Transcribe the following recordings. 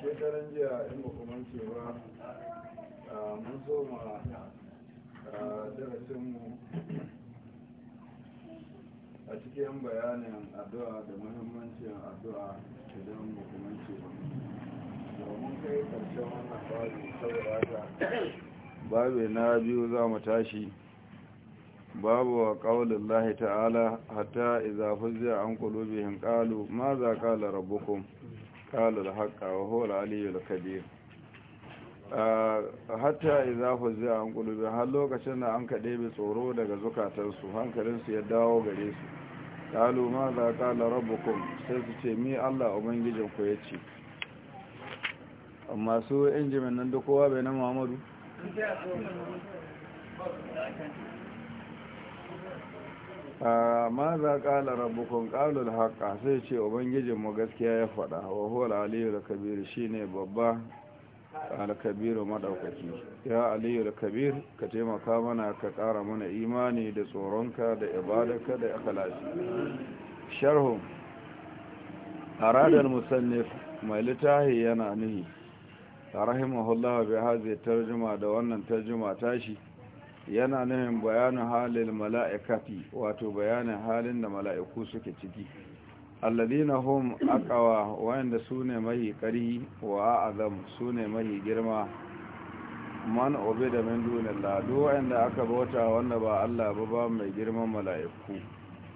shekaran jiya in ba kuma ce ba mun so ma darasinmu a cikin bayanin addu'a da muhimmancin addu'a idan ba kuma ba domin kai karshen wannan babu saboda babu na biyu za mu tashi babu wa ƙaunin lahi ta'ala hatta izafin zai an kulubihim ƙalu ma za ƙala rabbukum قال الحق وهو العلي الكبير hatta idza zai an qulubi har lokacin da an kade bi tsoro daga zukatansu hankalinsu ya dawo gare su qalu ma za qala rabbukum sai su ce mi Allah ubangijin ku yace amma su injimin nan duk kowa bai na Muhammadu ma za ƙala rabukun ƙalul haƙa sai ce mu gaskiya ya faɗa wa huwal aliyu da kabiru shi ne babba alkabiru maɗaukaki ya aliyu da kabir ka taimaka mana ka ƙara mana imani da tsoronka da ibadaka da ikhlasi sharhu aradar musannif mai littahi yana nuhi rahimahullah bai hazi tarjuma da wannan tarjuma tashi yana nuhin bayanin halin mala'ikati wato bayanin halin da mala'iku suke ciki alladina hum akawa wayanda su ne mahi kari wa azam su ne mahi girma man obe da min dunilla ladu wayanda aka bauta wanda ba Allah ba ba mai girman mala'iku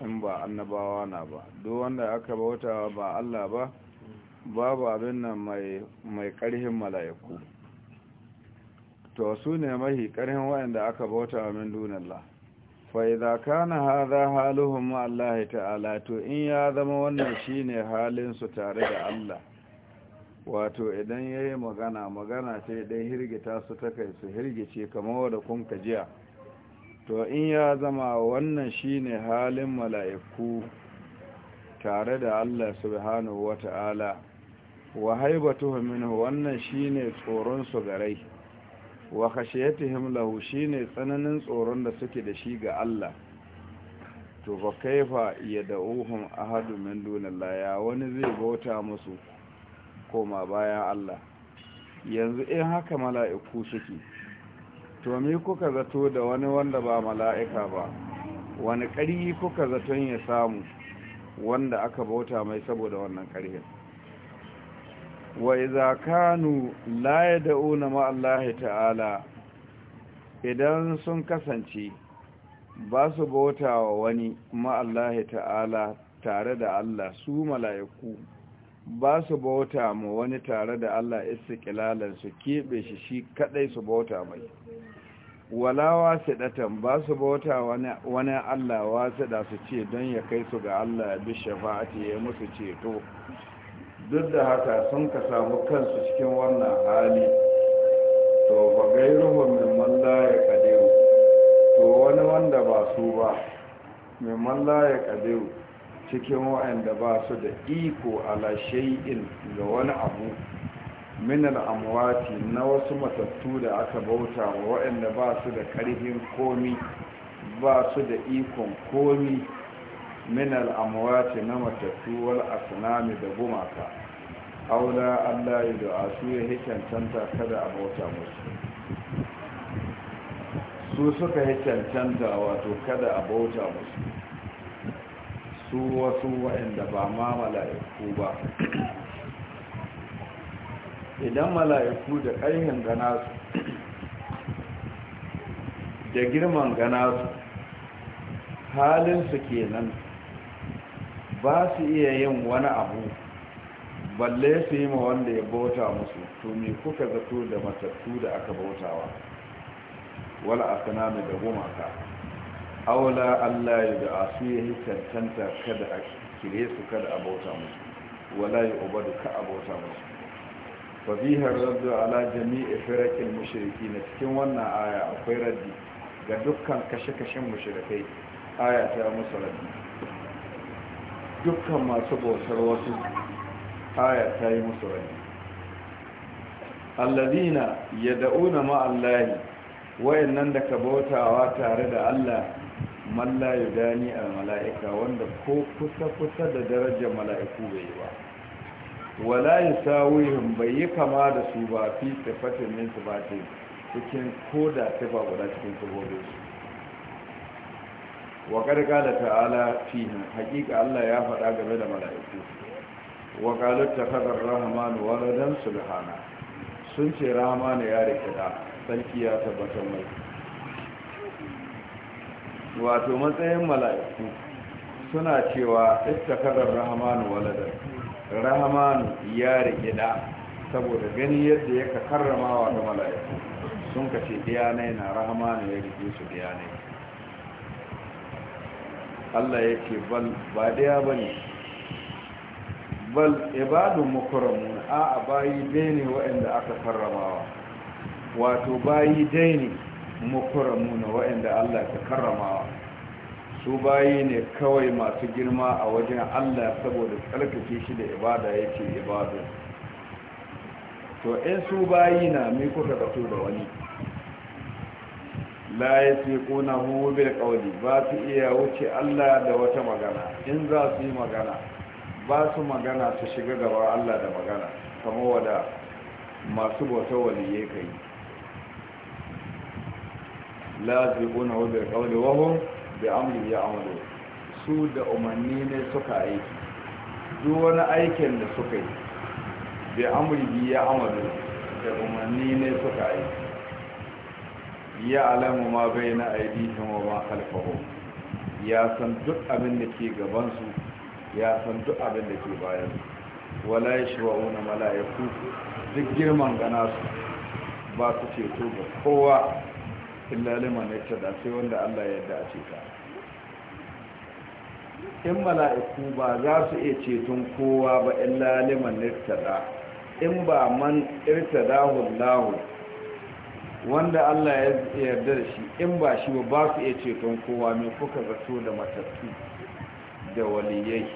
in ba annabawa na ba duk wanda aka bauta ba Allah ba babu abin nan mai mai mala'iku to su ne mahi ƙarhin wa'anda aka bauta wa min dunallah fa idza kana hadha haluhum ma Allah ta'ala to in ya zama wannan shine halin su tare da Allah wato idan yayi magana magana sai dai hirgita su ta kai su hirgice kamar da kun kajiya to in ya zama wannan shine halin mala'iku tare da Allah subhanahu wata'ala wa haibatuhum minhu wannan shine tsoron su garai wa khashiyatihim lahu shine tsananin tsoron da suke da shi ga Allah to fa kaifa yad'uhum ahadu min dunillahi ya wani zai bauta musu koma baya Allah yanzu in haka mala'iku suke to me kuka zato da wani wanda ba mala'ika ba wani ƙari kuka zaton ya samu wanda aka bauta mai saboda wannan ƙarfin wa iza kanu la yad'una ma Allah ta'ala idan sun kasance ba su bautawa wani ma Allah ta'ala tare da Allah su mala'iku ba su bauta ma wani tare da Allah istiqlalan su kebe shi shi kadai su bauta mai wala wasidatan ba su bauta wani wani Allah wasida su ce don ya kai su ga Allah bi shafa'ati ya musu ceto duk da haka sun ka samu kansu cikin wannan hali to ba gairu min malla ya kadiru to wani wanda ba su ba min malla ya kadiru cikin wa'anda ba su da iko ala shay'in ga wani abu min al'amwati na wasu matattu da aka bauta wa wa'anda ba su da karfin komi ba su da ikon komi min al'amwati na matattu wal asnami da gumaka aula allah ya da su ya hikantanta kada a bauta musu su suka hikantanta wato kada a bauta musu su wasu waɗanda ba ma mala'iku ba idan mala'iku da ƙarfin gana su da girman gana su halinsu kenan ba su iya yin wani abu balle su yi ma wanda ya bauta musu to me kuka zato da matattu da aka bautawa wala asanami da gumaka aula Allah ya da su ya yi tantanta kada a kire su kada a bauta musu wala ya ubadu ka a bauta musu fadihar raddu ala Jami'a firakin mushriki na cikin wannan aya akwai raddi ga dukkan kashe-kashen mushrikai aya ta musu raddi dukkan masu bautar wasu aya ta yi musu rani allazina da'una ma'allahi wayannan da ka bautawa tare da Allah man dani a mala'ika wanda ko kusa kusa da darajar mala'iku bai yi ba wala yasawihum bai yi kama da su ba fi sifatin min sifati cikin koda sifa guda cikin sifofin su wa ƙarƙa da ta'ala fi hakika Allah ya faɗa game da mala'iku wa qalu takhadar rahman waladan subhana sun ce Rahamanu ya rike da sarki ya tabbatar mai wato matsayin mala'iku suna cewa ittakhadar rahman waladan Rahamanu ya rike da saboda gani yadda ya karrama wa da mala'iku sun kace diyanai na Rahamanu ya rike su diyanai Allah ya ce ba daya ba ne bal ibadun mukarramun a a bayi dai ne waɗanda aka karramawa wato bayi dai ne mukarramun waɗanda Allah ta karramawa su bayi ne kawai masu girma a wajen Allah saboda tsarkake shi da ibada yake ibadu to in su bayi na mai kuka zato da wani la ya ce ƙuna hu bil ƙauli ba su iya wuce Allah da wata magana in za su yi magana ba su magana su shiga gaba Allah da magana kamar wada masu bauta waliye kai na wadda ya kawo da hum da amri amuru su da umarni ne suka aiki duk wani aikin da suka yi da amri amuru da umarni ne suka aiki ya alamu ma bayna aydihim wa ma khalfahum ya san duk abin da ke gabansu. ya san duk abin da ke bayan wala ya shi wani mala'iku duk girman gana su ba su ceto ga kowa illalima na da sai wanda allah ya yadda a ceta in mala'iku ba za su iya ceton kowa ba illalima na da in ba man irtada hullahu wanda allah ya yarda da shi in ba shi ba su iya ceton kowa mai kuka zato da matattu da waliyai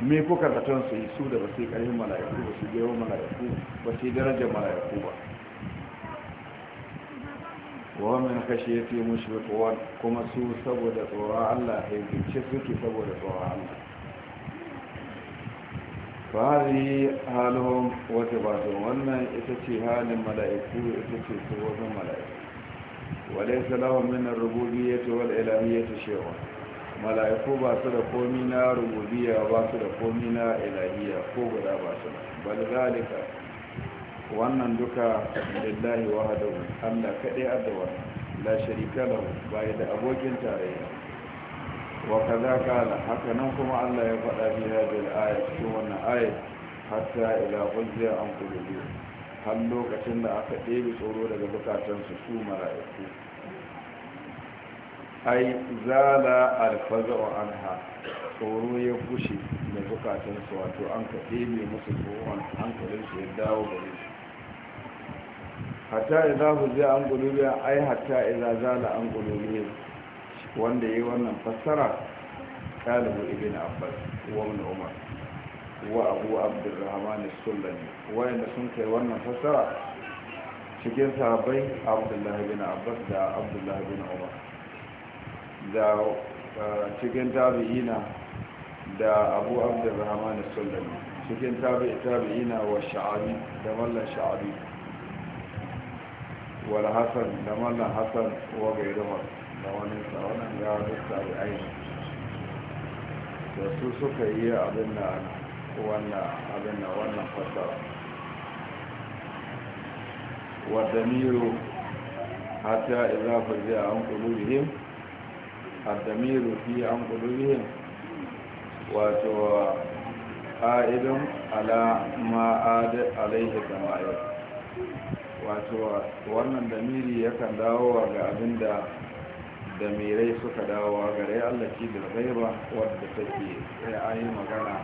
me kuka zaton su yi su da ba su yi karfin mala'iku ba su gewa mala'iku ba su yi darajar mala'iku ba wa min kashe ya fi mushi wata kuma su saboda tsoron allah ya gince suke saboda tsoron allah yi halin wata batun wannan ita ce halin mala'iku ita ce su wajen mala'iku wale salamun minar rububiyyatu wal ilamiyyatu shewa mala'iku ba su da komi na rububiya ba su da komi na ilahiya ko guda ba su zalika wannan duka lillahi wahdahu Allah kadai addawa la sharika lahu bai da abokin tarayya wa kaza kala haka nan kuma Allah ya faɗa bi hadhihi al-ayat cikin wannan ayat hatta ila qulziya an qulubi har lokacin da aka ɗebe tsoro daga bukatansu su mala'iku ai zala alfaza'u anha tsoro ya mai da su, wato an ka ɗebe musu tsoron hankalinsu ya dawo gare su hatta idza huzi an qulubiya ai hatta idza zala an qulubiya wanda yi wannan fassara kalibu ibn abbas wa ibn umar wa abu abdurrahman as-sullami wanda sun kai wannan fassara cikin sahabbai Abdullahi ibn abbas da Abdullahi ibn umar da cikin tabi'ina da abu abdurrahman sulami cikin tabi'ina wa sha'abi da mallan sha'abi wal hasan da mallan hasan wa gairuwar da wani tsawonan ya wani tabi'ai da su suka yi abin da wannan wannan fasara wadda miro hatta izafa zai an yi? addamiru fi an qulubihim wato qa'idun ala ma ada alaihi sama'i wato wannan damiri yakan dawo ga abinda damirai suka dawo gare Allah ki da gaiba wadda take sai an yi magana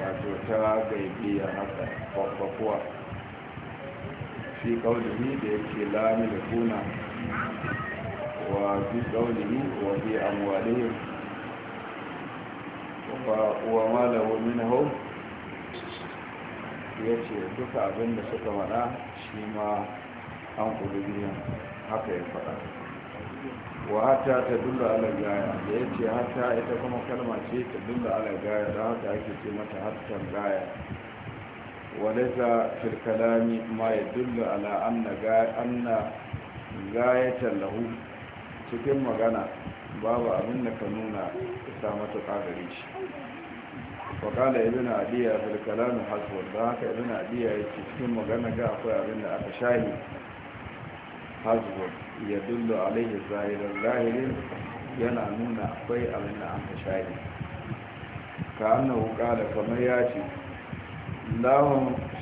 wato ta gaibi ya haka kwakwakuwa fi kaulihi da yake lami da kuna وفي قوله وفي أموالهم وما له منهم yace duka abinda suka faɗa shi ma an ƙudurin haka ya faɗa wa hata ta dulla ala gaya ya ce hata ita kuma kalma ce ta dulla ala gaya da haka ake ce mata hatar gaya ma ya ala cikin magana babu abin da ka nuna isa matuƙa gare shi wakala ibn adiya fil kalam hasbun da haka ibn adiya ce cikin magana ga akwai abin da aka shahi hasbun ya dullo alaihi zahirar zahirin yana nuna akwai abin da aka shahi ka annahu qala kamar ya ce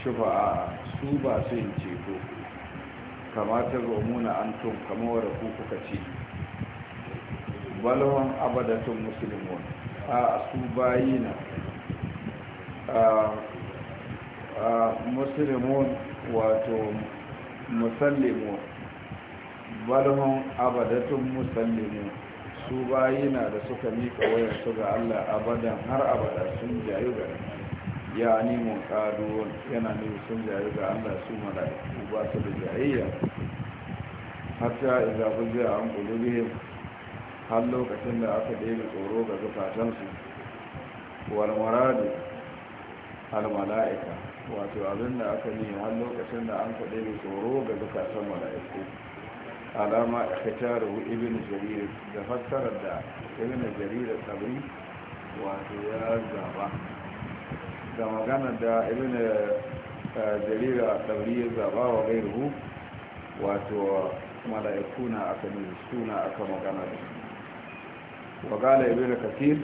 shufa a su ba su yin ceto kamata ga umuna tun kamar da ku kuka ce balawan abadatun musulmi a su bayina musulmi wato musallimu balawan abadatun musallimun su bayina da suka mika su ga allah abadan har abada sun jayu ga ya neman kado yana nufin sun jayu ga allah su mala'iku ba su da jayayya hatta izabu zai an kulubihim har lokacin da aka daina tsoro ga zukatansu walmuradu almala'ika wato abin da aka ne har lokacin da an kaɗe da tsoro ga zukatan mala'iku alama a kacaru ibn jarir da fassarar da ibn jarir tsabri wato ya zaba da magana da ibn jarir tsabri ya zaba wa gairu wato mala'iku na aka ne suna aka magana da su وقال ابن كثير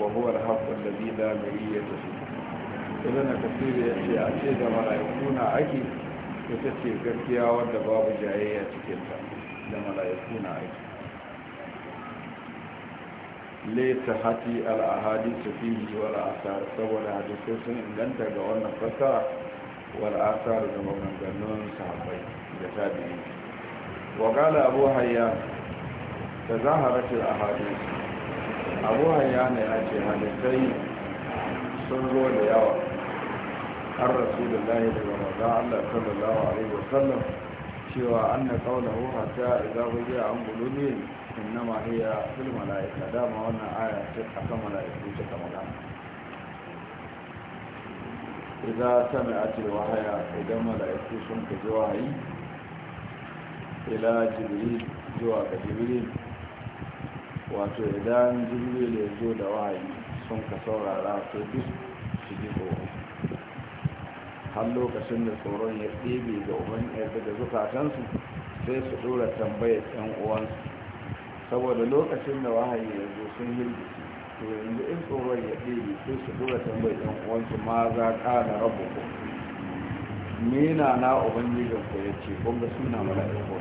وهو الحق الذي لا مرية فيه ابن كثير يأتي أشيد ولا يكون عكي وتسير كركيا والدباب جاية تكلتا لما لا يكون عكي laita hati al'ahadi su fiye wal'asar saboda hadisai sun inganta ga wannan fasara wal'asar da maganganun sahabbai da tabi'i wa gala abu ta zaharatul ahadith abu hayyana ya ce hadisai sun zo da yawa har rasulullahi da maza Allah sallallahu alaihi wasallam cewa anna qawluhu hatta idza huwa an buluni innama hiya fil malaika dama wannan aya ce akan malaiku ce kamar idza sami'atil wahya idan malaiku sun zuwa yi ila jibril zuwa ga jibril wato idan jibril ya zo da wahayi sun ka saurara to duk su ji tsoro har lokacin da tsoron ya ɗebe ga uban yarda da zukatansu sai su ɗora tambayar ɗan uwansu saboda lokacin da wahayi ya zo sun hirgici to yanzu in tsoron ya ɗebe sai su ɗora tambayar ɗan uwansu ma za ƙara rabu ku mina na ubangijinku ya ce kuma suna mala'iku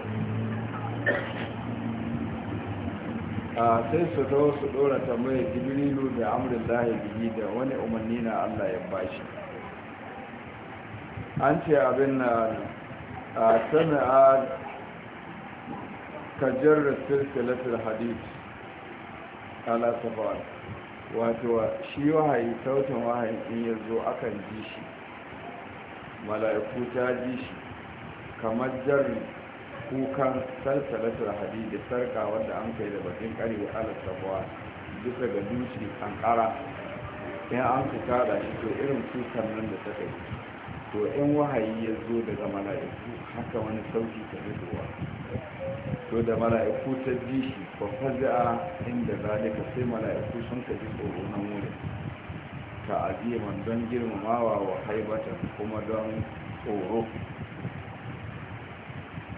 sai su zo su dora mai jibrilu da amurin lahi biyi da wani umarni na allah ya bashi an ce abin na a sana'a kajar silsilatul hadith ala safar wato shi wahayi sautin wahayi in ya zo akan ji shi mala'iku ta ji shi kamar jarri kukan salsalatul hadidi sarka wanda an kai da bakin karewa alasabuwa bisa ga dushi kankara in an kuka da shi to irin kukan nan da ta kai to in wahayi ya zo daga mala'iku haka wani sauki ta fitowa to da mala'iku ta ji shi ba fazi'a inda zalika sai mala'iku sun ka tsoro na mure ta aziman don girmamawa wa haibatan kuma don tsoro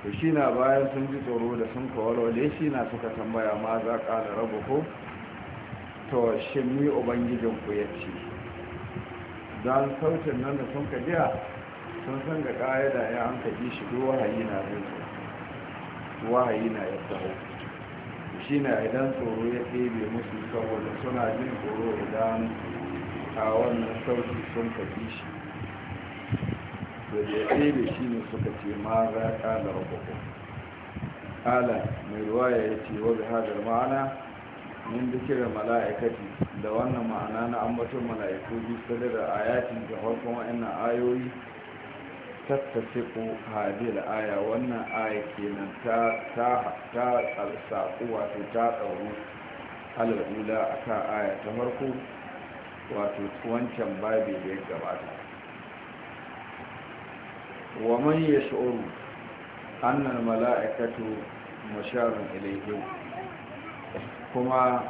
to shi na bayan sun ji tsoro da sun kawalwale shi na suka tambaya ma za ka da rabu ko to shi ni ku ya ce don sautin nan da sun kajiya sun san ga ƙa'ida ya an kaji shi duk wahayi na zai wahayi na ya taho shi na idan tsoro ya ɗebe musu saboda suna jin tsoro idan a wannan sautin sun kaji shi to da ya shi ne suka ce ma za ƙala rabakon mai ruwa ya ce wa bihadar ma'ana min dikirar mala'ikati da wannan ma'ana na ambaton mala'iku bi sadar ayatin da farkon wa'annan ayoyi ko hadil aya wannan aya kenan ta ta ta wato ta tsauru a akan aya ta farko wato wancan babi da ya gabata wa man yash'uru anna al-mala'ikatu musharun ilayhi kuma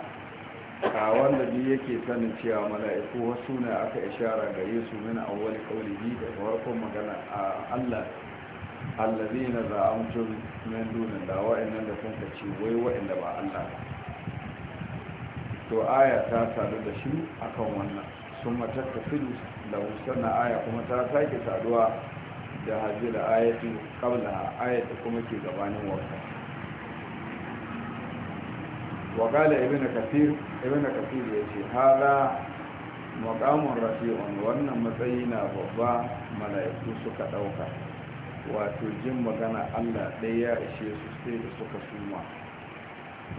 a wanda bi yake sanin cewa mala'iku wasu ne aka ishara gare su min awwal qawlihi da farkon magana a Allah allazina za'amtum min dunin da wa'annan da kun ce wai wa'anda ba Allah to aya ta sadu da shi akan wannan sun matattafilu da sana aya kuma ta sake saduwa da hajji da ayatu kabla ayatu kuma ke gabanin wata wakala ibn kafir ibn kafir ya ce hada makamun rafi'un wannan matsayi na babba mala'iku suka dauka wato jin magana allah ɗaya ya ishe su sai da suka suma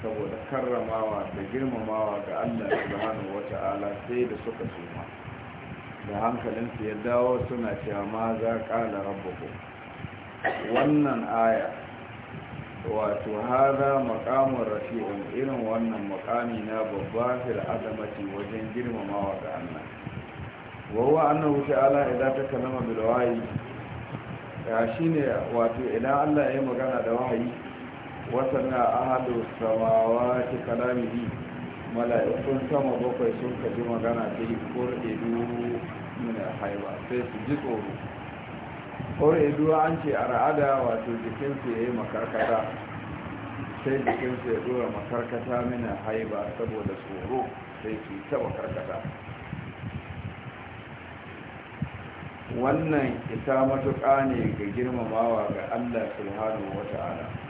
saboda karramawa da girmamawa ga allah subhanahu wata'ala sai da suka suma da hankalinsu ya dawo suna cewa ma za ƙala rabbuku wannan aya wato hada makamun rafi'un irin wannan makami na babba fil azamati wajen girmamawa ga Allah wa annahu ta'ala idan ta kalama bil wahyi ya shine wato idan Allah ya yi magana da wahayi wasanna ahadu samawati kalamihi mala'ikun sama bakwai sun kaji magana ta yi ƙor'edu mina haiba sai su ji tsoro ƙor'edu an ce a ra'ada wato jikinsu ya yi makarkata sai jikinsu ya dora makarkata mina haiba saboda tsoro sai su ta makarkata wannan ita matuƙa ne ga girmamawa ga allah subhanahu wata'ala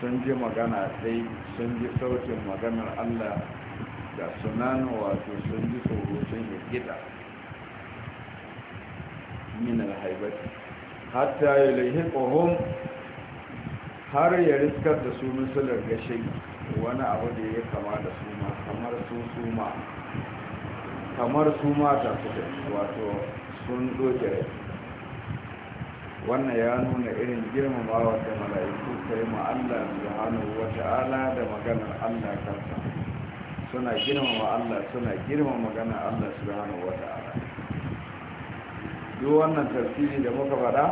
sun ji magana sai sun ji sautin maganar allah da sunan wato sun ji tsoro sun gida min alhaibati hatta ya laihe ƙohon har ya riskar da su misalar gashin wani abu da ya kama da ma kamar su ma kamar ma ta suke wato sun doke rai wannan ya nuna irin girmamawa da mala'iku kai ma Allah subhanahu wata'ala da maganar Allah kansa suna girmama Allah suna girmama maganar Allah subhanahu wata'ala duk wannan tafsiri da muka faɗa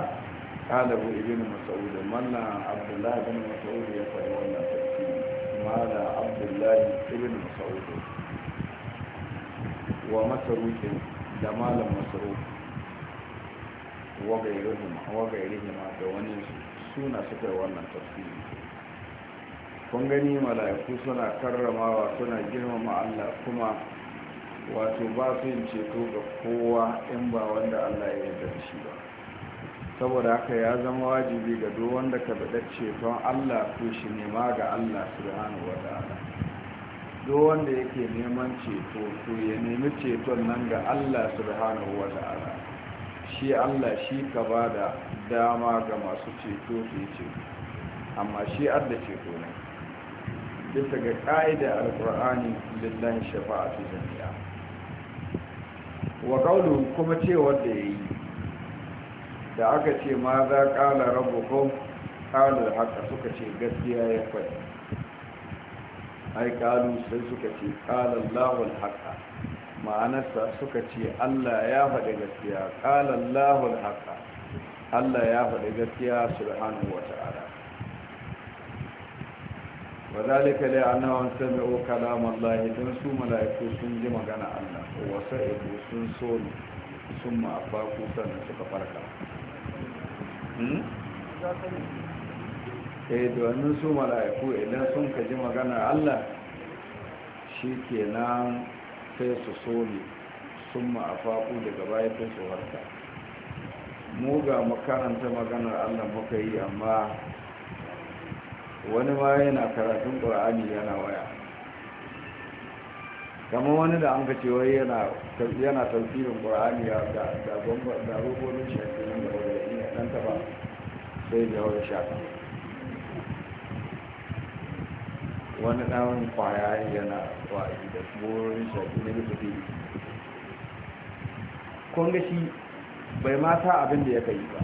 kalabu ibn mas'ud manna abdullahi ibn mas'ud ya faɗi wannan tafsiri da abdullahi ibn mas'ud wa masrukin da malam masrukin wagairihima da wani suna suka yi wannan tafsiri kun gani mala'iku suna karramawa suna girmama allah kuma wato ba su yin ceto ga kowa in ba wanda allah ya yarda da shi ba saboda haka ya zama wajibi ga duk wanda ka bada ceton allah ko shi nema ga allah subhanahu wa ta'ala duk wanda yake neman ceto ko ya nemi ceton nan ga allah subhanahu wa ta'ala shi allah shi ka ba da dama ga masu ceto su yi ceto amma shi adda ceto ne bisa ga ƙa'ida alƙur'ani a shafa'atu jami'a wa ƙaunin kuma ce da ya yi da aka ce ma za ƙala ko ƙalar haka suka ce gaskiya ya fai ai ƙalu sai suka ce ƙalar lawal haka ma'anarsa suka ce Allah ya faɗi gaskiya ƙalallahu haka Allah ya faɗi gaskiya subhanahu wa ta'ala wa zalika la annahum sami'u kalam Allah idan su mala'iku sun ji magana Allah wasu sa'idu sun so sun ma fa ku san suka farka hmm eh to annu su mala'iku idan sun ka magana Allah shikenan sai su soli sun ma'afaku daga baya sai su harka mu ga makaranta maganar allah muka yi amma wani ma yana karatun ƙura'ani yana waya kamar wani da an kace wai yana yana tafsirin ya da da gomba da shafi nan da wani dan taba sai ya hawo shafi wani ɗan kwaya yana wa'azi da tsoron shaƙi na bisa fi yi ga shi bai mata abin da ya kai ba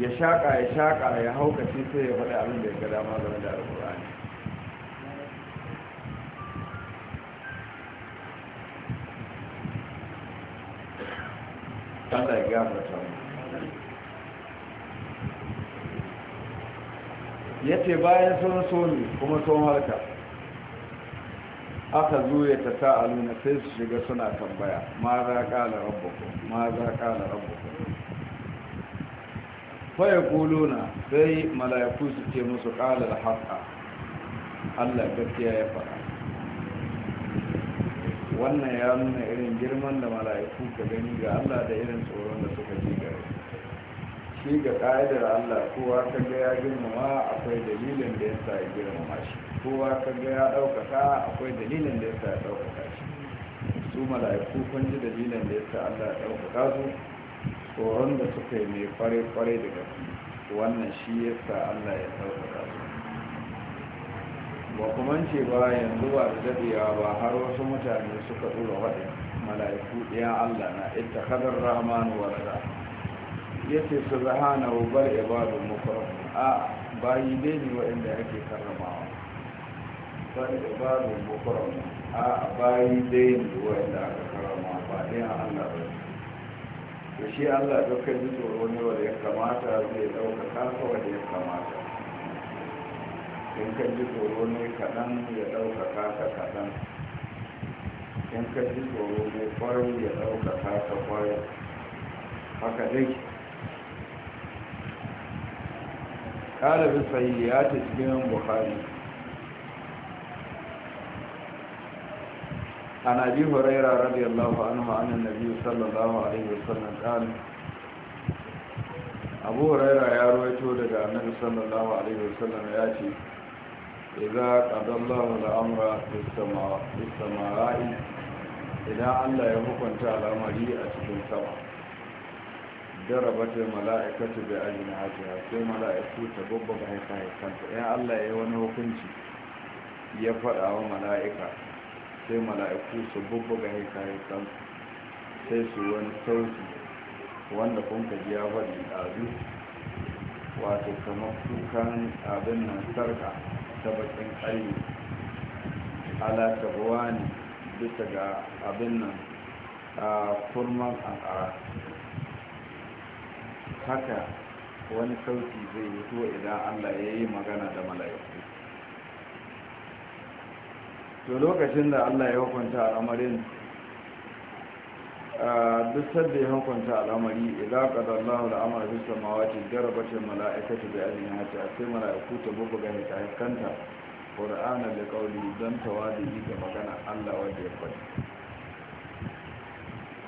ya shaƙa ya shaƙa ya haukace sai ya faɗi abin da ya gada ma game da alƙur'ani Allah ya gafarta ya ce bayan sun soni kuma sun harka aka zo ya ta na sai su shiga suna tambaya ma za ƙala rabbaku ma za ƙala rabbaku faya kuluna sai malayaku su ce musu ƙala da haka allah gaskiya ya faɗa wannan ya nuna irin girman da mala'iku ka gani ga allah da irin tsoron da suka ji gare shi ga ƙa'idar Allah kowa ka ga ya girmama akwai dalilin da ya sa ya girmama shi kowa ka ga ya ɗaukaka akwai dalilin da ya sa ya ɗaukaka shi su mala'iku kun ji dalilin da ya sa Allah ya ɗaukaka su tsoron da suka yi mai kware-kware da gaske wannan shi ya sa Allah ya ɗaukaka su ba kuma ce ba yanzu ba da daɗewa ba har wasu mutane suka ɗora waɗin mala'iku ɗiyan Allah na ita kadar rahmanu wa rada yake su zahana ba ibadun mukarram a bayi dai ne waɗanda ake karramawa bar ibadun mukarram a bayi dai ne waɗanda aka karrama ba ɗin allah ba to shi allah ɗaukar ji tsoro ne wanda ya kamata zai ɗauka kasa wanda ya kamata in ka ji tsoro ne kaɗan ya ɗauka kasa kaɗan in ka ji tsoro ne kwarai ya ɗauka kasa kwarai haka dai قال في الصحيحات cikin bukhari عن ابي هريره رضي الله عنه عن النبي صلى الله عليه وسلم قال abu huraira ya ruwaito daga annabi sallallahu alaihi wasallam ya ce idza qadallahu al-amra samaai idan Allah ya hukunta al'amari a cikin sama darabar mala'ika mala'ikatu bai ajin hajjiya sai mala'iku ta babba ga haika haikanta yan allah ya yi wani hukunci ya faɗa wa mala'ika sai mala'iku su babba ga haika haikanta sai su wani sauti wanda kun kaji ya faɗi ɗazu wato kamar kukan abin nan sarka ta bakin ƙari ala tabuwa ne bisa ga abin nan a kurman ƙanƙara haka wani sauti zai yi zuwa idan allah ya yi magana da mala'iku to lokacin da allah ya hukunta al'amarin duk sadda ya hukunta al'amari idan ƙadallahu al'amar bisa ce jarabacin mala'ikatu da azin hata sai mala'iku ta bubuga gani ta kanta ƙura'anar da kauri don tawadi ga magana allah wanda ya faɗi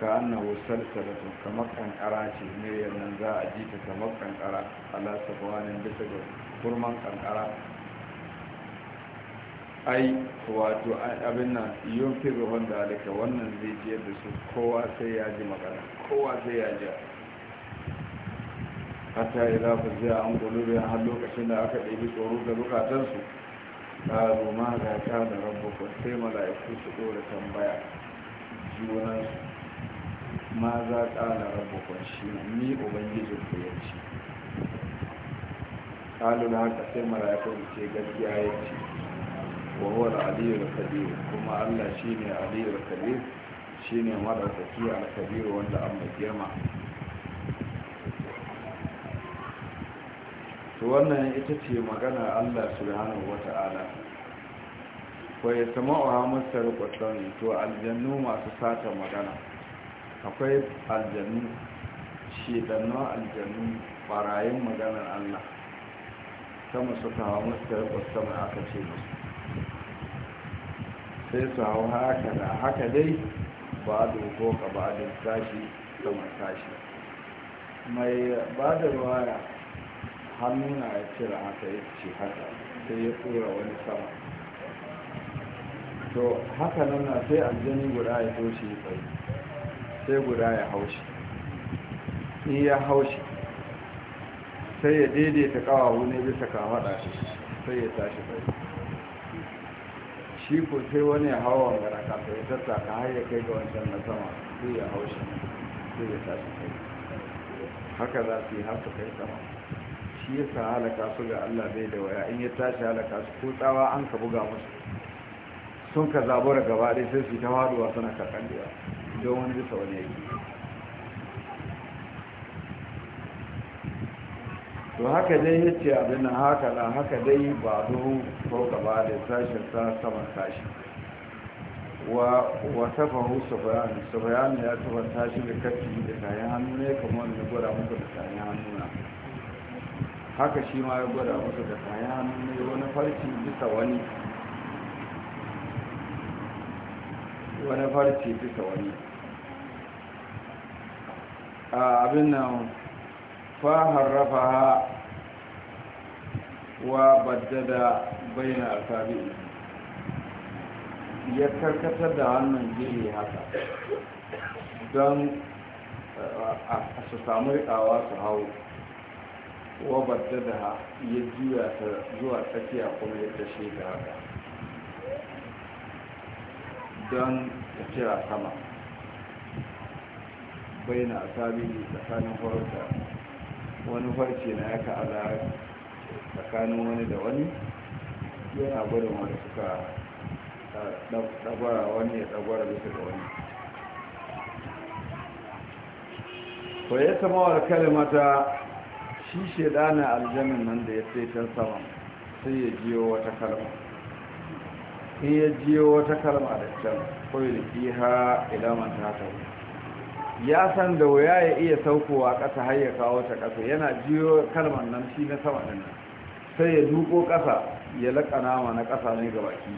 ka annahu salsalatu kamar kankara ce muryar nan za a ji ta kamar kankara ala sabawanin bisa ga kurman kankara ai wato Abinna, nan yiun fi ruhun da alika wannan zai ji yadda su kowa sai ya ji magana kowa sai ya ji a. hatta ila ku zai an gulubi har lokacin da aka ɗebi tsoro ga zukatansu ƙaru ma ga ta da rabu sai mala'iku su ɗora tambaya junansu ma za ƙala rabukun shi ni ubangijin ku ya ce ƙalula haka sai marayakun ce gaskiya ya ce Kowar aliyar kabiru kuma allah shi ne aliyar kabiru shi ne maɗaukaki alkabiru wanda an mai girma to wannan ita ce magana allah Su subhanahu wata'ala ko ya sama'uwa masu rikwatsoni to aljannu masu sata magana akwai aljanu shedannan aljanu barayin maganar allah sama suka hawa musu sama aka ce musu sai su hau haka da haka dai ba da ko ka ba da tashi sama tashi mai ba da ruwaya hannuna ya cira haka ya ce haka sai ya tsura wani sama to haka nan na sai aljani guda ya toshe tsaye sai guda ya haushi in ya haushi sai ya daidaita kawawu ne bisa kawada shi sai ya tashi bai shi ko sai wani ya hawa wangara kafa ya tattaka har ya kai ga wancan na sama sai ya haushi sai ya tashi bai haka za su yi har su kai sama shi ya sa halaka su ga allah bai da waya in ya tashi halaka su ko tsawa an ka buga musu sun ka zabura gaba ɗaya sai su ta faduwa suna kakandewa don wani bisa wani yake to haka dai ya ce abin na haka na haka dai ba don kauka ba da sashen ta saman sashi wa wasafahu sufayan sufayan ya saman shi da kacci da kayan hannu ne kamar wani gwada muku da kayan hannu na haka shi ma ya gwada musu da kayan hannu ne wani farci bisa wani wani farci bisa wani abin nan faharrafa wa baddada bayan alfabi ya karkatar da hannun jiri haka don su samu rikawa su hau wa baddada ya juya ta zuwa tsakiya kuma ya tashe ta haka don ta kira sama bai na asabi tsakanin farauta wani farce na ya ka'ala tsakanin wani da wani yana gudun wani suka dabara wani ya dabara bisa da wani kwaye samawar kalimata shi shaidana aljamin nan da ya sai can saman sai ya jiyo wata kalma in ya jiyo wata kalma da can kawai da ƙiha ilamanta ta wuce ya san da waya ya iya saukowa ƙasa har ya kawo ta ƙasa yana jiyo kalmar nan shi na sama ɗin sai ya duko ƙasa ya laƙana ma na ƙasa ne ga baki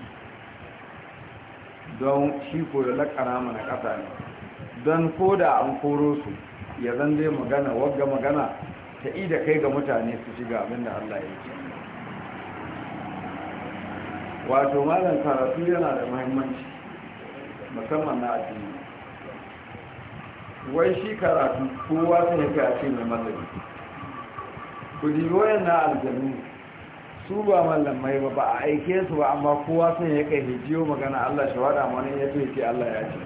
don shi ko da laƙana ma na ƙasa ne don ko da an koro su ya zan dai magana wagga magana ta da kai ga mutane su shiga abin da Allah ya yi wato malam karatu yana da muhimmanci musamman na addini wai shi karatu kowa yi yake a ce mai matsayi ku diwoyan na aljanu su ba mallamai ba ba a aike su ba amma kowa sun ya kai hijiyo magana Allah shawada wani ya ce ce Allah ya ce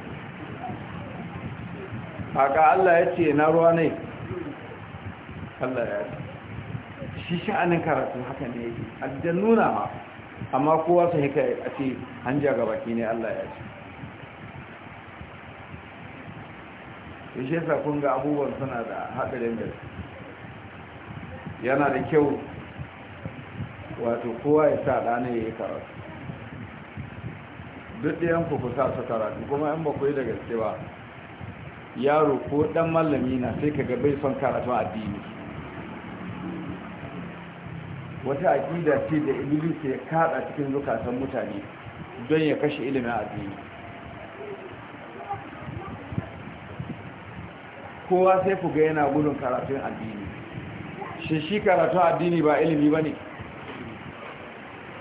haka Allah ya ce na ruwa ne Allah ya ce shi sha'anin karatu haka ne yake aljannu na ma amma kowa sun yi kai a ce hanja gabaki ne Allah ya ce to shi yasa kun ga abubuwan suna da haɗarin gaske yana da kyau wato kowa ya sa ɗane ya yi karatu duk ɗayan ku ku sa su karatu kuma yan bakwai daga cewa. da gaske ba yaro ko ɗan mallami na sai ka ga son karatu addini wata aƙida ce da iblis ya kaɗa cikin zukatan mutane don ya kashe ilimin addini kowa sai ku ga yana gudun karatun addini shi shi karatun addini ba ilimi ba ne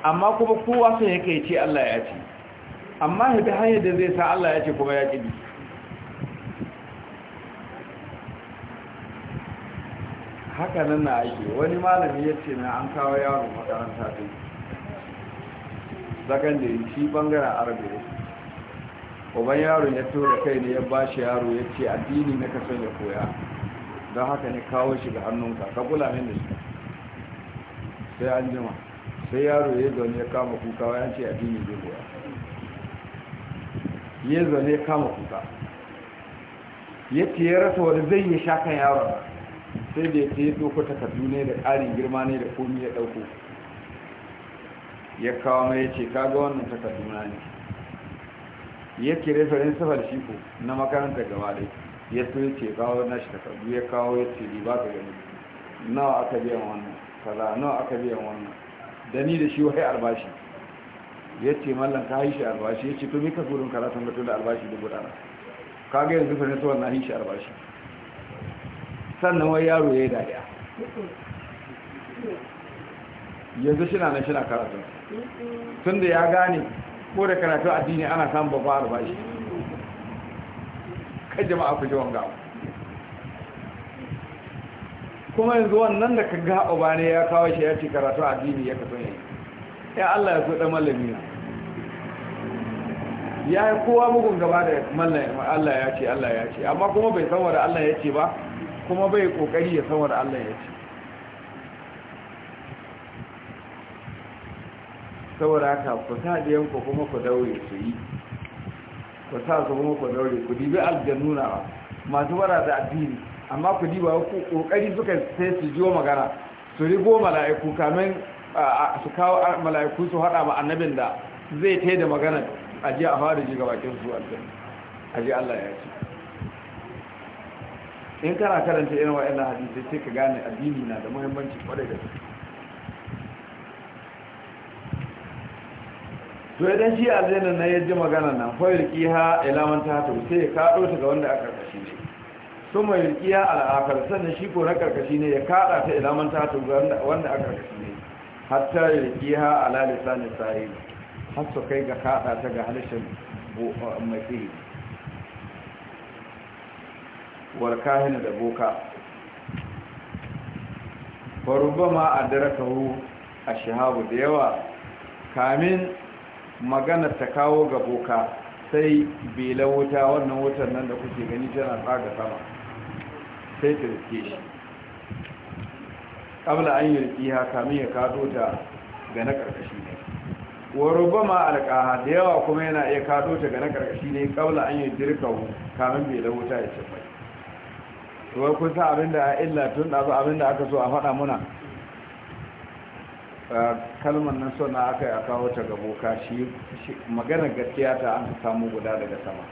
amma kuma kowa sai yake ce Allah ya ce amma hada hanyar da zai sa Allah ya ce kuma ya ƙi haka nan na ake wani malami ya ce na an kawo yawon makaranta dai yi shi bangaren arabiya uban yaron ya tura kai ne ya ba shi yaro ya ce addini na kaso ya koya don haka ne kawo shi ga hannunka ka kula min da shi sai an jima sai yaro ya zaune ya kama kuka wa ya ce addini zai koya ya zaune ya kama kuka ya ce ya rasa wani zai yi sha kan yaron sai da ya ce ya doko takardu ne da ƙarin girma ne da komi ya ɗauko ya kawo mai ya ce kaga wannan takarduna ne yake reference shi ko na makaranta gaba dai ya so ya ce kawo na shi takardu ya kawo ya ce ba ka gani nawa aka biyan wannan kaza nawa aka biyan wannan da ni da shi wai albashi ya ce mallan ka haishi albashi ya ce to me ka gurin karatun da tun da albashi da gudana. ka ga yanzu fa ne to wannan haishi albashi sannan wai yaro ya yi dariya yanzu shi na nan shi na karatun tun da ya gane ko da karatu addini ana samun babba albashi kai jama'a ku ji wanga kuma yanzu wannan da ka ga ba ne ya kawo shi ya ce karatu addini ya kaso ne ya Allah ya kuɗa malami na ya yi kowa bugun gaba da mallam Allah ya ce Allah ya ce amma kuma bai san wa da Allah ya ce ba kuma bai kokari ya san wa da Allah ya ce saboda haka ku sa ku kuma ku daure su yi ku sa su kuma ku daure ku dibi aljannuna ba masu bara da addini amma ku diba ku kokari suka sai su jiwo magana su rigo mala'iku kamin su kawo mala'iku su haɗa ma annabin da zai tai da magana a ji a fara ji gabakin su aljannu a ji allah ya ce in kana karanta irin wa'annan hadisai sai ka gane addini na da muhimmanci kwarai da gaske to idan shi aljanna na yaji magana nan fa yurqiha ila man ta sai ya kado ta ga wanda aka kashi ne kuma yurqiha al akhar sannan shi ko na karkashi ne ya kada ta ila man ta ga wanda aka kashi ne hatta yurqiha ala lisanin sahib har su kai ga kada ta ga halishin mai sihiri warkahina da boka warubama a darakahu a shahabu da yawa kamin magana ta kawo ga boka sai bela wuta wannan wutar nan da kuke gani tana tsaga sama sai ta rike shi ƙabla an yi rikiha kamin ya kado ta ga na ƙarƙashi ne ba ma alqaha da yawa kuma yana iya kado ta ga na ƙarƙashi ne ƙabla an yi dirkahu kamin bela wuta ya tafi to kun san abinda illa tun da abinda aka so a faɗa muna kalmar nan suna aka yi a kawo ta ga boka shi magana gaskiya ta an samu guda daga sama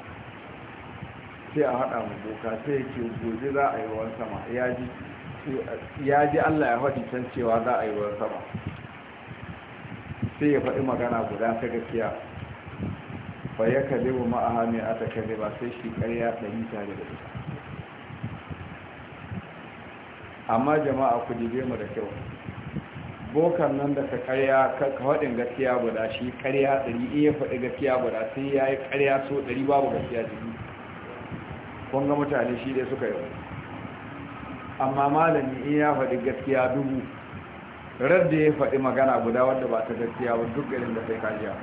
sai a haɗa mu boka sai yake gobe za a yi ruwan sama ya ji allah ya faɗi can cewa za a yi ruwan sama sai ya faɗi magana guda ta gaskiya fa ya kaje wa ma'aha mai aka kaje ba sai shi ƙarya ɗari tare da ita amma jama'a ku dibe mu da kyau bokan nan da ka karya ka faɗin gaskiya guda shi karya ɗari iya faɗi gaskiya guda sai ya yi karya so ɗari babu gaskiya jiki kun ga mutane shi dai suka yi wani amma malami in ya faɗi gaskiya dubu rar da ya faɗi magana guda wadda ba ta gaskiya ba duk garin da sai kariya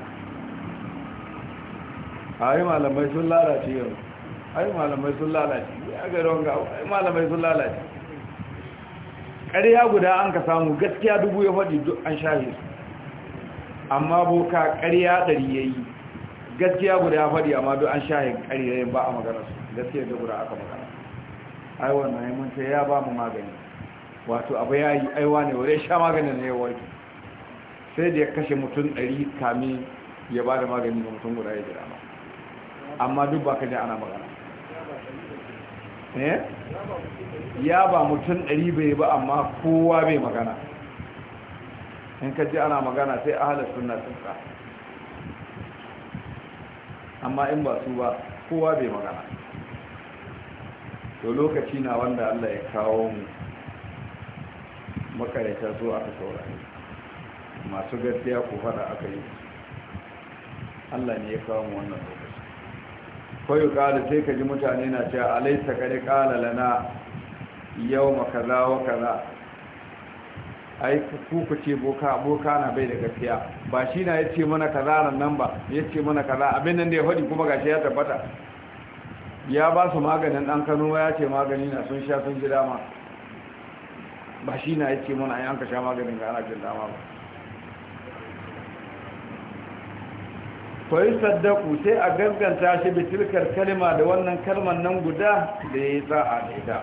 a yi malamai sun lalace yau a yi malamai sun lalace ya ga don ga malamai sun lalace ƙarya guda an ka samu gaskiya dubu ya faɗi duk an shahe su amma boka ƙarya ɗari ya yi gaskiya guda ya faɗi amma duk an shahe ƙarya ba a magana su gaskiya da guda aka magana ai na ya manta ya ba mu magani wato abu ya yi aiwa ne wani sha magani na ya sai da ya kashe mutum ɗari kami ya ba da magani ga mutum guda ya jira amma duk ba ka ana magana Eh? ya ba mutum ɗari bai ba amma kowa bai magana in ka ji ana magana sai ahalar suna tuka, amma in ba su ba kowa bai magana to lokaci na wanda allah ya kawo mu makarita zo aka saurari masu gaskiya ko fada aka yi allah ne ya kawo mu wannan lokaci fayu ƙada sai ka ji mutane na cewa alaisa kare ƙala lana yau makaza wa kaza ai kuku ce boka boka na bai da gaskiya ba shi na ya ce mana kaza nan ba ya ce mana kaza abin nan da ya faɗi kuma gashi ya tabbata ya ba su maganin ɗan kano ya ce magani na sun sha sun ji dama ba shi na ya ce mana an yanka sha maganin ga ana jin dama ba fayi saddaku sai a gaskanta shi bitilkar kalima da wannan kalman nan guda da ya yi a daida ita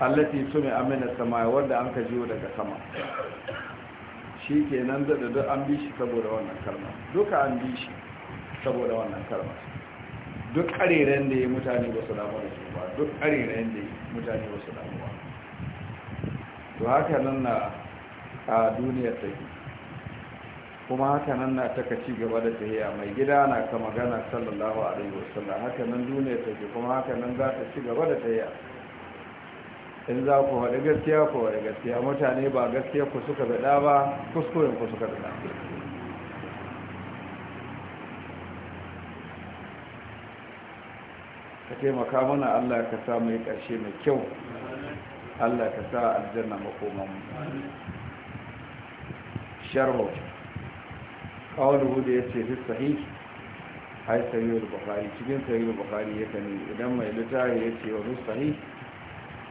allati su mai amina sama wanda an ka jiwo daga sama shi ke nan da duk an bi shi saboda wannan kalma duka an bi shi saboda wannan kalma duk ƙareren da ya mutane ba su damu su ba duk ƙareren da ya mutane ba su damu ba to haka nan na a duniyar take kuma haka nan na taka ci gaba da tahiya mai gida na ka magana sallallahu alaihi wasallam haka nan duniya take kuma haka nan za ta ci gaba da tahiya in za ku haɗa gaskiya ku haɗa gaskiya mutane ba gaskiya ku suka zaɗa ba kuskuren ku suka zaɗa ka taimaka mana allah ka sa mai ƙarshe mai kyau allah ka sa aljanna makomanmu sharhoto ƙaunuhu da ya ce fi sahih ai da bukari cikin da bukari ya kani idan mai littafi ya ce wa fi sahih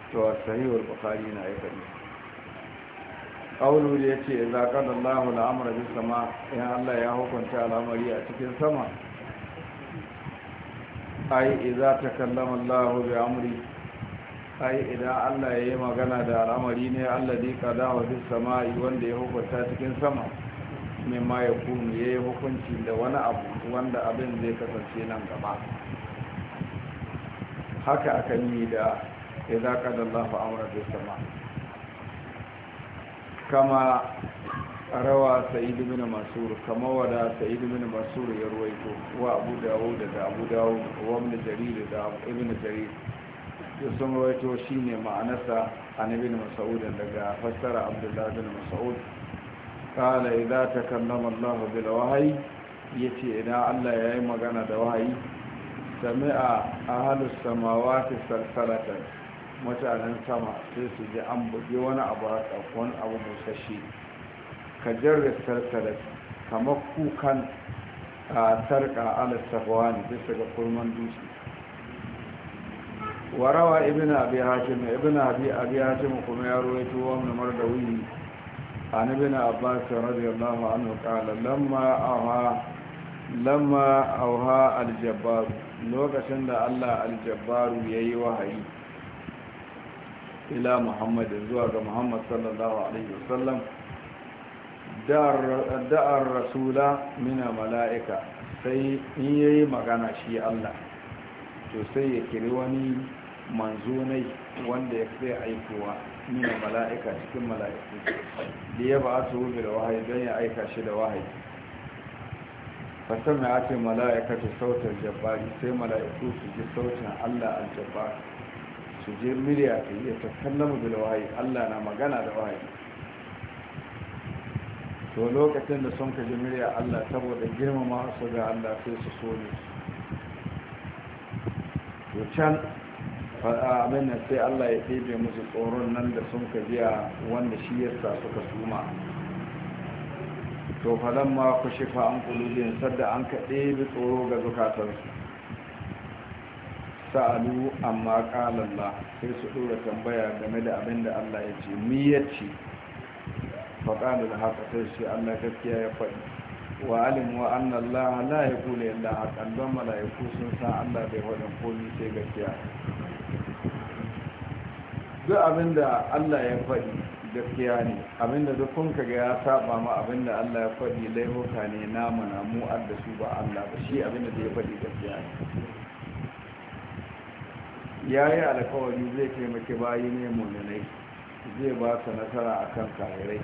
to da bukari na ya kani ƙaunuhu da ya ce idza da Allahu al-amra sama in Allah ya hukunta al'amari a cikin sama ai ta kallama Allahu bi amri ai idan Allah ya yi magana da al'amari ne Allah dika kada wa sama sama'i wanda ya hukunta cikin sama mimma ya kunu ya yi hukunci da wani abu wanda abin zai kasance nan gaba haka aka yi da ya ka da lafa amura da sama kama rawa sa'idu bin masur kama wada sa'idu bin masur ya ruwaito wa abu dawo da abu dawo wa ibn jarir da ibn jarir sun ruwaito shine ma'anarsa annabi bin mas'ud daga fassara abdullahi bin mas'ud kala idza takallama Allahu bil wahyi yace idan Allah ya yi magana da wahayi? sami'a ahlus samawati sarsarata mutanen sama sai su ji an buɗe wani abu a tsakon abu musashi ka jirga sarsarar kamar kukan a sarka alasta hawa ne bisa ga kurman dutse warawa ibina abi hajjima ibina abi hajjima kuma yaro ya ci namar da wuyi عن ابن عباس رضي الله عنه قال لما أوها لما أوها الجبار لوكشن الله الجبار يي وحي إلى محمد زواج محمد صلى الله عليه وسلم دعا الرسول من الملائكة sai in yayi magana shi Allah to sai ya kiri wani manzo ne wanda ya fi aikowa nuna mala'ika cikin mala'iku da ya ba su wuce da wahayi don ya aika shi da wahayi fasar mai ake mala'ika ta sautar jabari sai mala'iku su ji sautin allah al-Jabba su je miliya ta yi ta kallama da wahayi allah na magana da wahayi to lokacin da sun ka ji miliya allah saboda girmama su ga allah sai su so ne abin nan sai Allah ya ɗebe musu tsoron nan da sun kajiya wanda shi yasa suka suma to falon ma ku shifa an kulubin sadda an ka ɗebe tsoro ga zukatarsu sa'alu amma ƙalalla sai su ɗora tambaya game da abin da Allah ya ce miyarci da haka sai shi Allah gaskiya ya faɗi wa wa anna Allah la yaqulu illa haqqan don malaiku sun sa Allah bai wadan komi sai gaskiya duk abin da Allah ya faɗi gaskiya ne abin da duk ka ga ya saba ma abin da Allah ya faɗi laifuka ne namu na mu da su ba Allah ba shi abin da ya faɗi gaskiya ne ya yi alkawari zai taimaki bayi ne muminai zai ba nasara a kan kayarai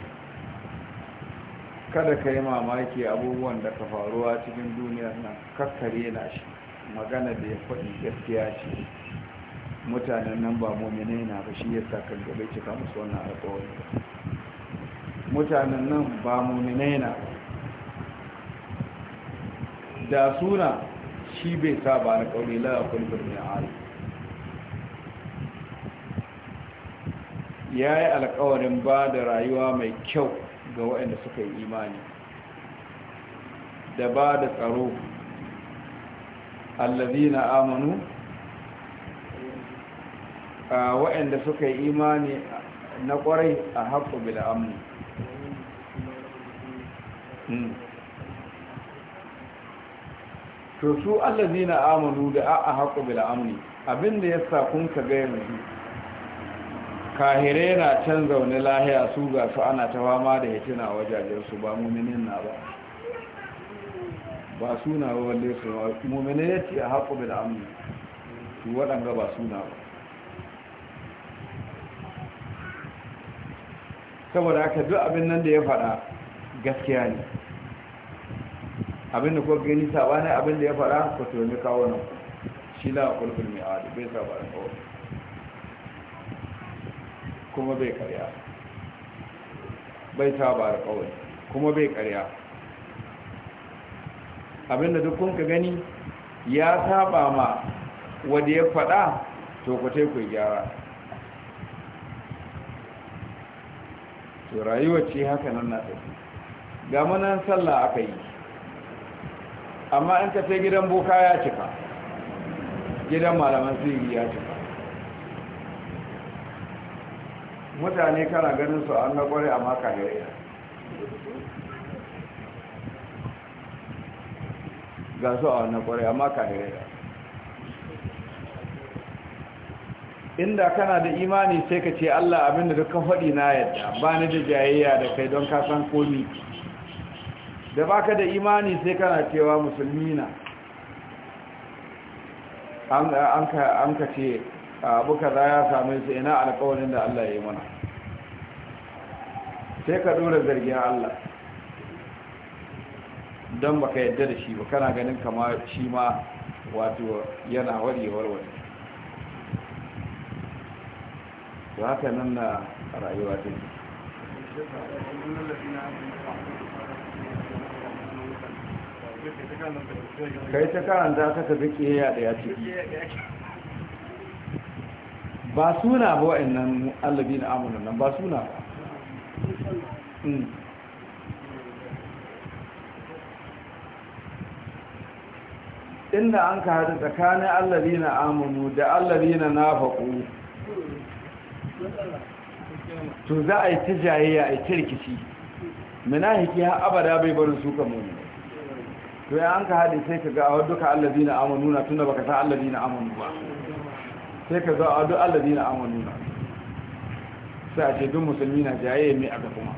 kada ka yi mamaki abubuwan da ka faruwa cikin duniyar nan kakkare na shi magana da ya faɗi gaskiya ce mutanen nan ba mummune na ba shi yasa kan gaba cika musu wannan alkawari mutanen nan ba mummune na da suna shi bai sa na kauri la birnin min Ya yi alkawarin ba da rayuwa mai kyau ga waɗanda suka yi imani da ba da tsaro allazina amanu wa'anda suka yi imani na kwarai a haƙƙo bil'amni hmm. to su allazi na amanu da a haƙo bil'amni abinda ya sa kun ka ga yanzu kahire na can zaune lahiya su ga su ana ta fama da hitina wajajensu ba muminin na ba ba suna walle su muminin ya ce a haƙo bil'amni su waɗanga ba suna ba saboda haka duk abin nan da ya faɗa gaskiya ne abin da kuka gani ne abin da ya faɗa ku tomi kawo nan shi na kulkul mai awadu bai da kawo kuma bai karya bai da kawo kuma bai karya abin da duk kun ka gani ya saba ma wadda ya faɗa to ku taikwai gyara to rayuwar ce haka nan na tafi ga manan sallah aka yi amma in ka sai gidan boka ya cika gidan malaman sirri ya cika mutane kana ganin su an na kware amma kagare ga su a wannan kwarai amma kagare da inda kana da imani sai ka ce Allah abinda dukkan faɗi na yadda ba ni da jayayya da kai don ka san komi da baka da imani sai kana cewa musulmi na an ka ce abu za ya same su ina alkawarin da Allah ya yi mana sai ka dora zargin Allah don baka yadda da shi ba kana ganin kama shi ma wato yana warewar wani haka nan na rayuwa ta kai ta karanta ta ka bi ƙiyayya da ya ciki ba suna ba nan allabi na amunan nan ba suna ba hmm. inda an ka hada tsakanin allabi na amunu da allabi na nafaƙo to za a yi ta jayayya a yi ta rikici munafiki har abada bai barin su kan mu'mini to ya an ka haɗe sai ka ga a wadda ka amanu na tunda baka san na amonu ba sai ka zo a duk allazina amanu na sai a ce duk musulmi na jayayya mai aga kuma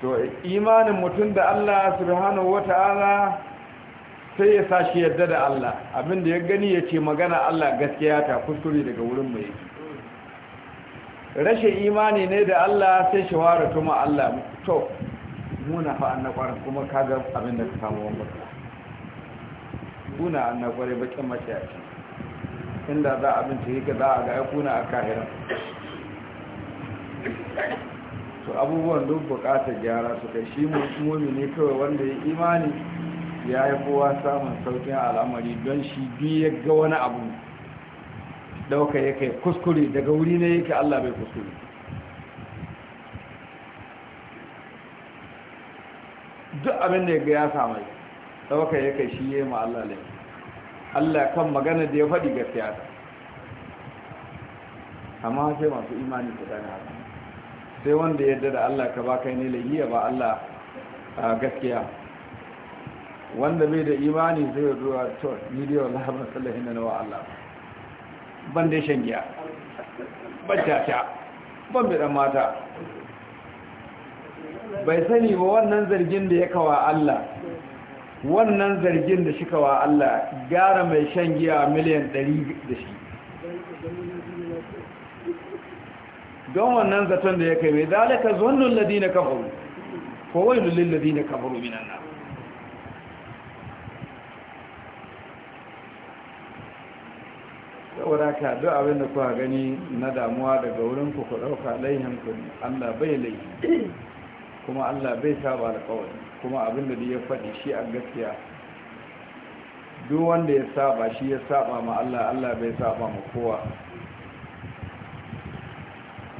to imanin mutum da Allah subhanahu wata'ala sai ya sa shi yadda da Allah abinda ya gani ya ce magana Allah gaskiya ta kuskure daga wurin mai rashin imani ne da Allah sai shawara tuma Allah to muna fa an nakwara kuma kaga abin da ka samu wani matsala kuna an nakware bakin maciyaci inda za a bincike yake za a ga kuna a kahira to abubuwan duk bukatar gyara su kai shi mummuni kawai wanda ya imani ya yi kowa samun sauƙin al'amari don shi biyu ya ga wani abu ɗauka ya kai kuskure daga wuri ne yake allah bai kuskure duk abin da ya ga ya samai ɗauka ya kai shi ya yi ma'alla allah allah kan magana da ya faɗi ga siyasa amma sai masu imani ta dana sai wanda yadda da allah ka ba kai ne lahiya ba allah ah, gaskiya wanda bai da imani zai zuwa to ni dai wallahi ban sallahi wa Allah ban dai shan giya ban ta-ta, ban bi dan mata bai sani ba wannan zargin da ya kawa Allah wannan zargin da shi kawa Allah gara mai shan giya miliyan 100 da shi don wannan zaton da ya kai mai zalika zannun ladina kafaru ko wailul lil ladina kafaru minan nar saboda ka duk abin da kuka gani na damuwa daga wurin ku ku ɗauka layin ku Allah bai laifi kuma Allah bai saba alƙawari kuma abin da ya faɗi shi a gaskiya duk wanda ya saba shi ya saba ma Allah Allah bai saba ma kowa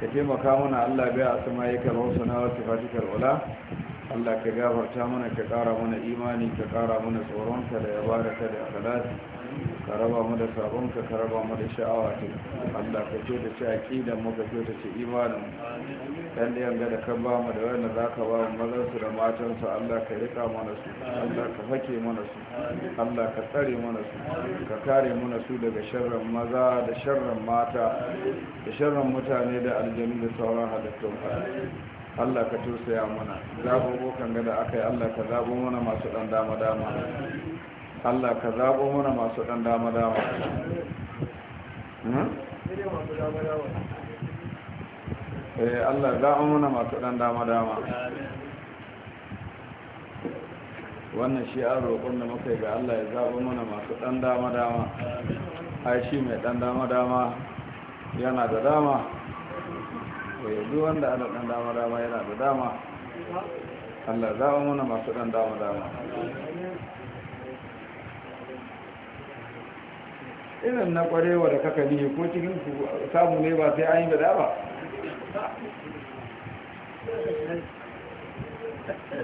ka taimaka mana Allah bai ma yi karɓar sana wasu fatikar Wula. Allah ka gafarta mana ka ƙara mana imani ka ƙara mana tsoronka da ya ka da akhlasi ka raba mu da sabon ka raba mu da sha'awa ce Allah ka ce da ce aqidan mu ka ce da ce imanin dan da yanga da ka ba mu da wanda zaka ba mu mazan su da matan su Allah ka rika mana su Allah ka fake mana su Allah ka tsare mana su ka kare mana su daga sharrin maza da sharrin mata da sharrin mutane da aljanu da sauran halittun Allah ka tausaya mana zabo bokan ga da aka yi Allah ka zabo mana masu dan dama dama Allah ka zaɓo mana masu ɗan dama dama hmm? eh Allah zaɓo mana masu ɗan dama dama wannan shi an roƙon da muka yi ga Allah ya zaɓo mana masu ɗan dama dama ai shi mai ɗan dama dama yana da dama yanzu eh, wanda ana ɗan dama dama yana da dama Allah zaɓo mana masu ɗan dama dama irin na kwarewa da kaka ne ko cikin su samu ne ba sai an yi gada ba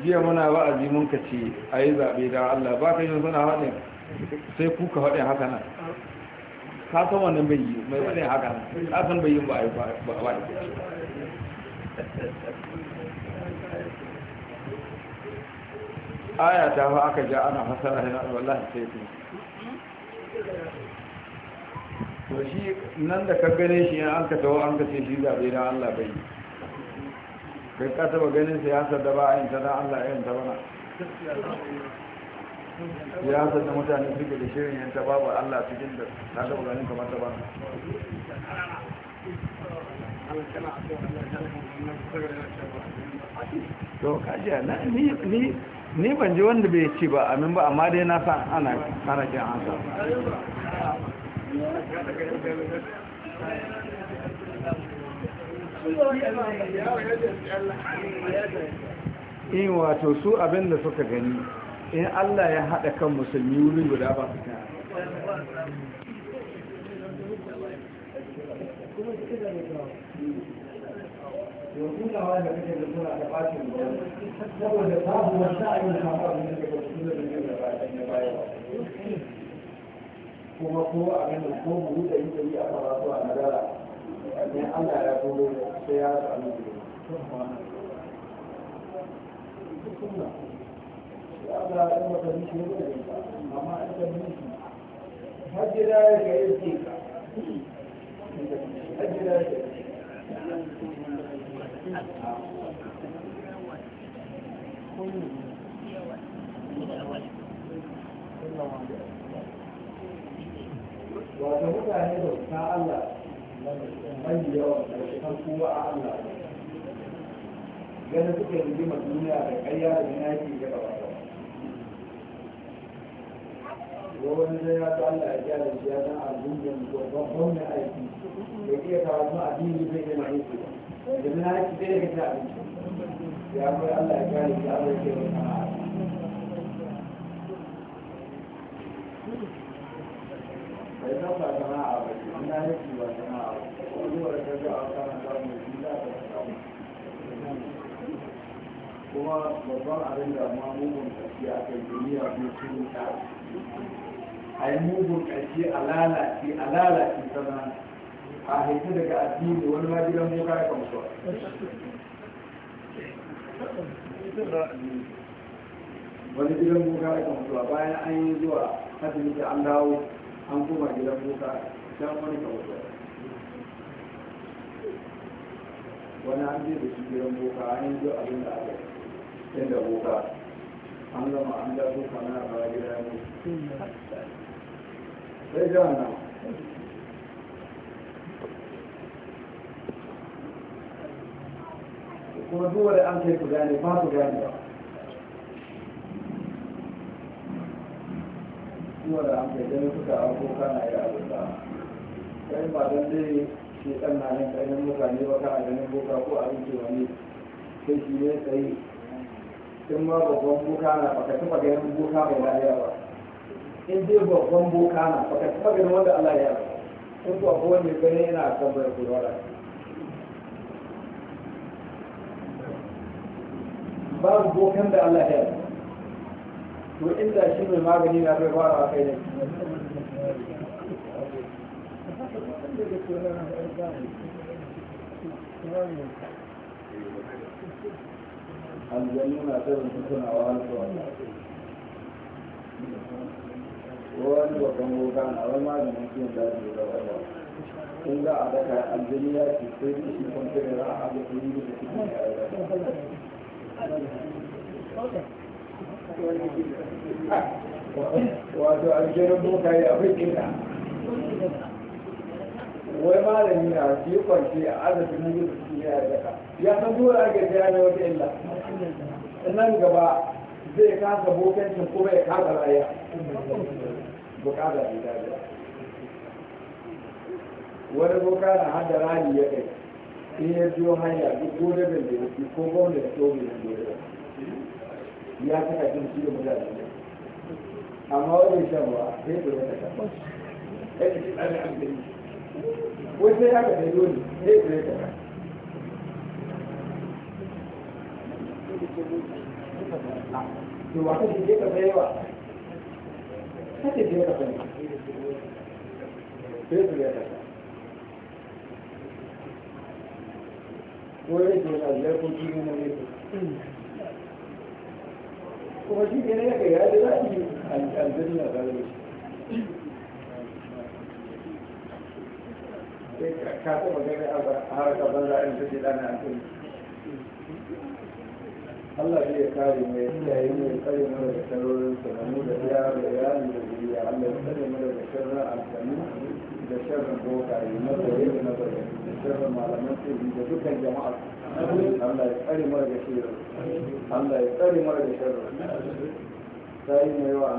jiya muna ba a mun ka ce a yi zaɓe da Allah ba ka yi suna haɗin sai kuka haɗe haka nan ka san wannan bai yi mai haɗin haka nan ka san bai yi ba a yi ba a yi aya ta aka ja ana fasara yana wallahi sai ku to shi nan da ka gane shi an ka tawo an ka ce shi zaɓe na Allah bai kai ka taɓa ganin siyasar da ba a yin ta na Allah a yin ta bana siyasar da mutane suke da shirin yanta babu Allah cikin da ta taɓa ganin kamar ta ba. to kajiya na ni ni ban ji wanda bai ci ba amin ba amma dai na san ana jin an san in wato su abin da suka gani in Allah ya haɗa kan musulmi wuri guda ba su kuma da da da da da da da da kuma ko abin da ko buhu da yi da yi aka ba su a nadara ne Allah ya zo sai ya rasa abin da ya ga ɗan wata nishi ne da yanka amma an ta nishi hajjira ya ga yin ce ka hajjira ya ga Thank you. wato mutane da ta Allah mai yawan karshen kowa a Allah ganin suka yi ma duniya da ƙarya da yaki da gaba da wani zai ya ta Allah ya gyara shi ya san abubuwan babban mai aiki da iya karatu a dini zai yi ma aiki da na aiki zai da kasa abinci ya kai Allah ya gyara shi ya zai ke wata kuma babban abin da ma mugun ƙarfi a kan duniya ko cikin ta a yi mugun ƙarfi a lalace a lalace sana a haifi daga addini wani ma gidan boka ya wani gidan boka ya bayan an yi zuwa da an dawo an koma gidan musa can wani kawai wani an je da shi gidan boka an yi abin da aka yi da boka an gama an da boka na ba gida ya mutu sai jiwa na kuma duk da an kai ku gane ba su gane ba Kuma da an kai ganin suka auko kana ya abuta kai ba don dai shi ɗan na nan ƙarfin mutane ba kana ganin boka ko abinci wani sai shi ne tsaye in ma babban boka na baka taɓa ganin boka mai lahiya ba in dai babban boka na baka taɓa ganin wanda Allah ya ba in ko akwai wanda gani yana son bai kura da babu bokan da Allah ya ba to inda shi mai magani na bai fara a kai ne aljanu na tsarin suna wahalsu a wani babban boka na wani maganin kiyon daji da wata in za a daga aljanu ya ce sai shi kwanci da ra'a da kuma yi da kuma ya yi wato aljerun bokaye akwai kira wai malami na shi kwanci a arzikin na yin su ya daga ya san dole ake jira ne wata illa nan gaba zai kasa bokancin kuma ya kasa raya bukata ne da biya wani boka na hada rani ya kai in ya biyo hanya duk gobe da ko gwamnati ko bai da ya kasa jin shi da mutane amma wani shan ruwa zai zo ya kasa ya ci da a dole zai zo ya kasa to wa kasa je ka sai yawa je ka sai zai ko ya na ya ko kiri ne kuma shi kenan ya kai ya da za ki ba da shi ka taɓa gani a haraka banza in su ce ɗana a kai Allah zai ya kare mu ya yi mu ya tsare mu daga sharorin sanannu da ya da yari da zuriya Allah ya tsare mu daga sharrin aljannu da sharrin bokaye na tsaye da na tsaye da sharrin malaman tsiri da dukkan jama'a Allah ya tsare mara da shirin Allah ya tsare mara da shirin sai mai wa